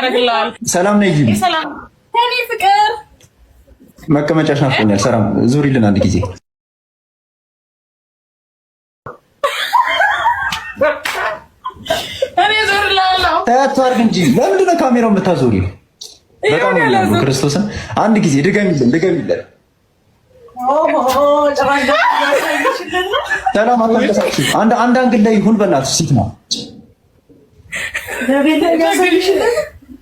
ያደርግለዋል። ሰላም ነይ ሰላም እኔ ፍቅር መቀመጫሽ ናፍቆኛል። ሰላም ዙሪልን አንድ ጊዜ ታያቱ አድርግ እንጂ ለምንድን ነው ካሜራው የምታዞሪው? በጣም ነው ክርስቶስን አንድ ጊዜ ድገሚልን ድገሚልን። ሰላም አታንቀሳቅሽም። አንድ አንድ አንግል ላይ ይሁን በላት ሲት ነው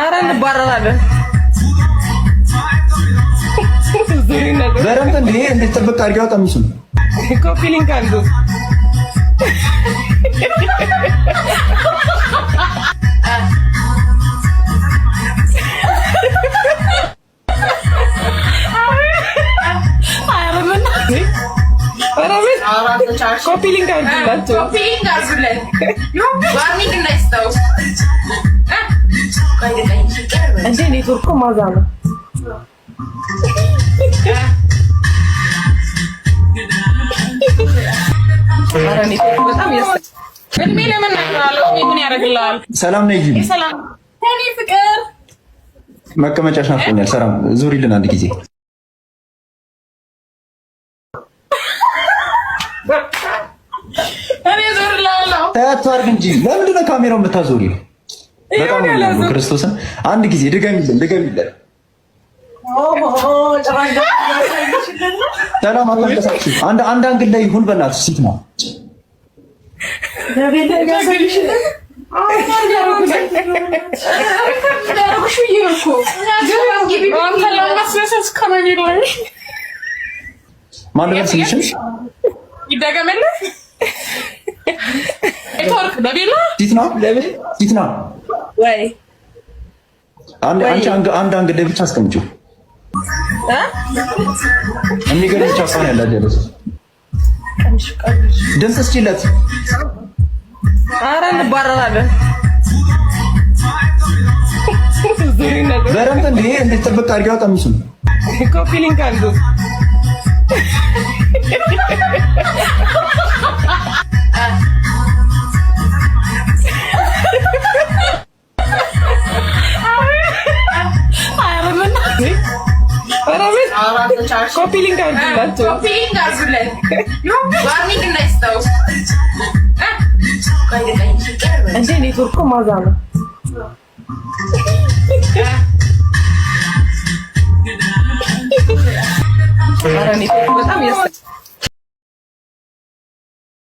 አረ እንባረራለን። በረምት እንደ እንዴት ጥብቅ አድርጊዋ ቀሚሱን ኮፒ ሊንክ አድርጎ ኮፒ ሊንክ አድርጉላቸው። እንዴ ኔትወርኩ ማዛ ነው። ሰላም ነይ ጂቢ። ፍቅር መቀመጫሽ ናፍቆኛል። ሰላም ዙሪልን አንድ ጊዜ እንጂ ለምንድን ነው ካሜራው የምታዞሪው? በጣም ነው ክርስቶስን አንድ ጊዜ ድገሚልን ድገሚልን። ሰላም አልተንቀሳችሁ አንድ አንድ አንግል ላይ ይሁን። በእናትሽ ሲት ነው ማን ደረሰልሽ? ይደገምልህ አንድ አንድ ላይ ብቻ አስቀምጪው። የሚገርም ብቻ ሳን ያላት ደረስ ድምፅ እስኪለት እንባረራለን። እንዴት ጥብቅ አድርጊዋ ቀሚሱን ኮፒ ሊንክ አድርጉላቸው። ኮፒ ሊንክ አድርጉለት። ዋርኒንግ እንዳይስተው እንዴ ኔትወርኩ ማዛ ነው። ኧረ ኔትወርኩ